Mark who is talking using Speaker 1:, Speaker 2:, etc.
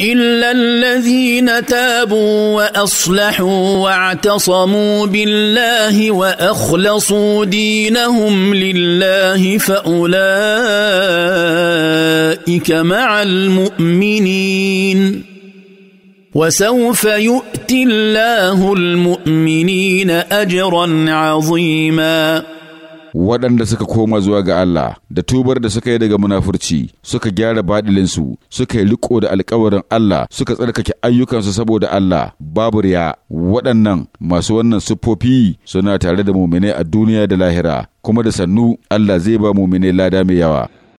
Speaker 1: الا الذين تابوا واصلحوا واعتصموا بالله واخلصوا دينهم لله فاولئك مع المؤمنين وسوف يؤتي الله المؤمنين اجرا عظيما waɗanda suka koma zuwa ga
Speaker 2: Allah da tubar da suka yi daga munafurci suka gyara baɗilinsu suka yi riƙo da alkawarin Allah suka tsarkake ayyukansu saboda Allah babu riya waɗannan masu wannan siffofi suna tare da muminai a duniya da lahira kuma da sannu Allah zai ba muminai
Speaker 3: lada mai yawa